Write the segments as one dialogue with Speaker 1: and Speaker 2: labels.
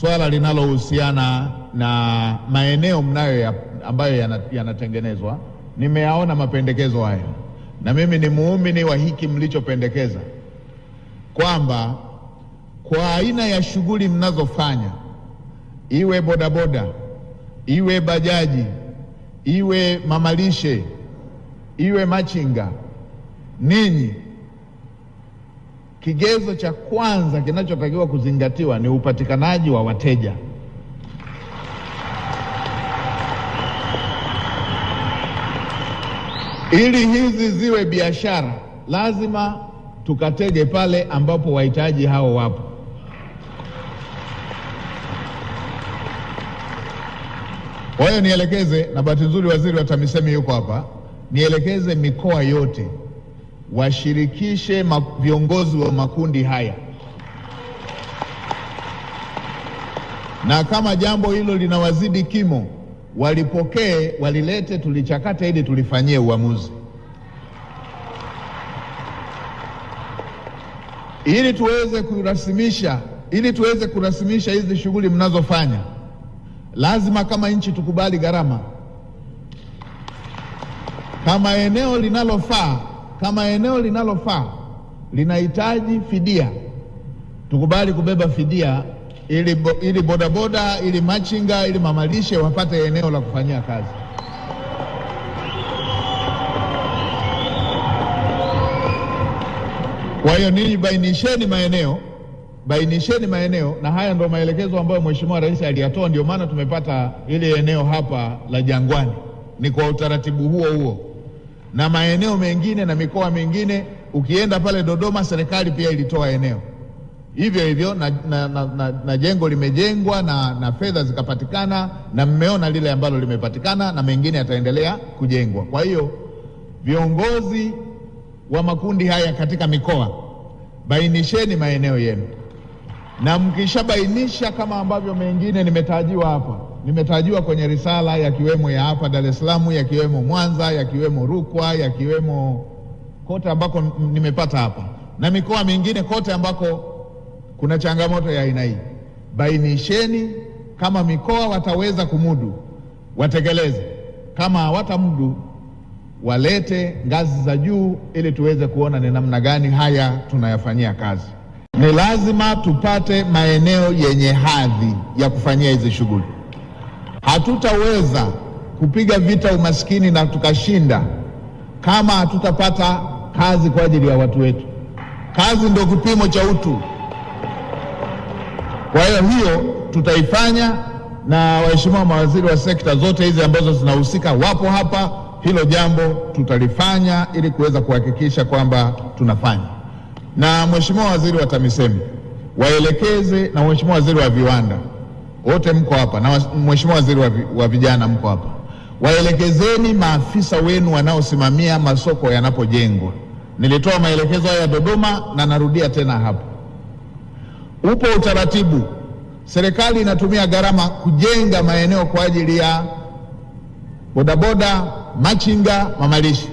Speaker 1: swala linalohusiana na maeneo mnayo ya, ambayo yanatengenezwa yana nimeyaona mapendekezo haya, na mimi ni muumini wa hiki mlichopendekeza kwamba kwa aina ya shughuli mnazofanya, iwe bodaboda, iwe bajaji, iwe mamalishe, iwe machinga, ninyi Kigezo cha kwanza kinachotakiwa kuzingatiwa ni upatikanaji wa wateja. Ili hizi ziwe biashara, lazima tukatege pale ambapo wahitaji hao wapo. Kwa hiyo nielekeze, na bahati nzuri waziri wa TAMISEMI yuko hapa, nielekeze mikoa yote washirikishe viongozi wa makundi haya, na kama jambo hilo linawazidi kimo, walipokee, walilete, tulichakate ili tulifanyie uamuzi, ili tuweze kurasimisha ili tuweze kurasimisha hizi shughuli mnazofanya. Lazima kama nchi tukubali gharama kama eneo linalofaa kama eneo linalofaa linahitaji fidia, tukubali kubeba fidia ili, bo, ili bodaboda ili machinga ili mamalishe wapate eneo la kufanyia kazi. Kwa hiyo ninyi bainisheni maeneo, bainisheni maeneo, na haya ndio maelekezo ambayo Mheshimiwa Rais aliyatoa. Ndio maana tumepata ile eneo hapa la Jangwani, ni kwa utaratibu huo huo na maeneo mengine na mikoa mingine. Ukienda pale Dodoma, serikali pia ilitoa eneo hivyo hivyo na, na, na, na, na jengo limejengwa na, na fedha zikapatikana, na mmeona lile ambalo limepatikana na mengine yataendelea kujengwa. Kwa hiyo viongozi wa makundi haya katika mikoa, bainisheni maeneo yenu, na mkishabainisha kama ambavyo mengine nimetajiwa hapa nimetajiwa kwenye risala, yakiwemo ya hapa Dar es Salaam, yakiwemo Mwanza, yakiwemo Rukwa, yakiwemo kote ambako nimepata hapa na mikoa mingine kote ambako kuna changamoto ya aina hii. Bainisheni kama mikoa wataweza kumudu, watekeleze. Kama hawatamudu, walete ngazi za juu, ili tuweze kuona ni namna gani haya tunayafanyia kazi. Ni lazima tupate maeneo yenye hadhi ya kufanyia hizi shughuli. Hatutaweza kupiga vita umaskini na tukashinda kama hatutapata kazi kwa ajili ya watu wetu. Kazi ndio kipimo cha utu. Kwa hiyo hiyo tutaifanya, na waheshimiwa mawaziri wa sekta zote hizi ambazo zinahusika wapo hapa. Hilo jambo tutalifanya ili kuweza kuhakikisha kwamba tunafanya, na mheshimiwa waziri wa TAMISEMI waelekeze na mheshimiwa waziri wa viwanda wote mko hapa na mheshimiwa waziri wa vijana mko hapa, waelekezeni maafisa wenu wanaosimamia masoko yanapojengwa. Nilitoa maelekezo haya Dodoma na narudia tena hapa. Upo utaratibu, serikali inatumia gharama kujenga maeneo kwa ajili ya bodaboda, machinga, mamalishi.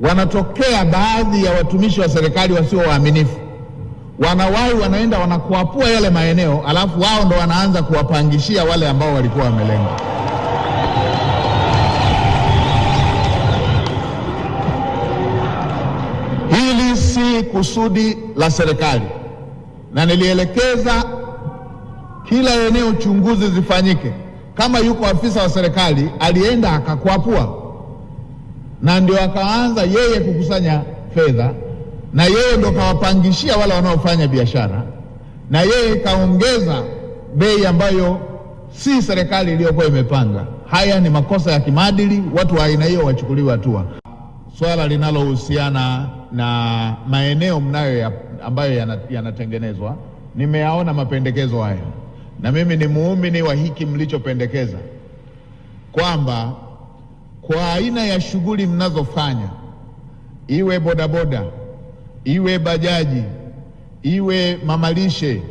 Speaker 1: Wanatokea baadhi ya watumishi wa serikali wasio waaminifu wanawai wanaenda wanakuapua yale maeneo, alafu wao ndo wanaanza kuwapangishia wale ambao walikuwa wamelengwa. Hili si kusudi la serikali, na nilielekeza kila eneo chunguzi zifanyike. Kama yuko afisa wa serikali alienda akakwapua, na ndio akaanza yeye kukusanya fedha na yeye ndo kawapangishia wale wanaofanya biashara, na yeye kaongeza bei ambayo si serikali iliyokuwa imepanga. Haya ni makosa ya kimaadili, watu wa aina hiyo wachukuliwe hatua. Swala linalohusiana na maeneo mnayo ya, ambayo yanatengenezwa yana nimeyaona mapendekezo haya, na mimi ni muumini wa hiki mlichopendekeza kwamba kwa aina ya shughuli mnazofanya iwe bodaboda iwe bajaji, iwe mamalishe